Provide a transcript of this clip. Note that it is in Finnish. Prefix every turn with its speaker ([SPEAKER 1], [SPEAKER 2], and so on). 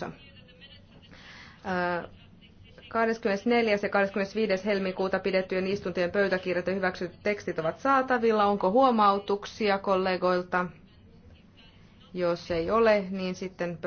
[SPEAKER 1] 24. Äh, ja 25. helmikuuta pidettyjen istuntojen pöytäkirjat ja hyväksytyt tekstit ovat saatavilla. Onko huomautuksia kollegoilta? Jos ei ole, niin sitten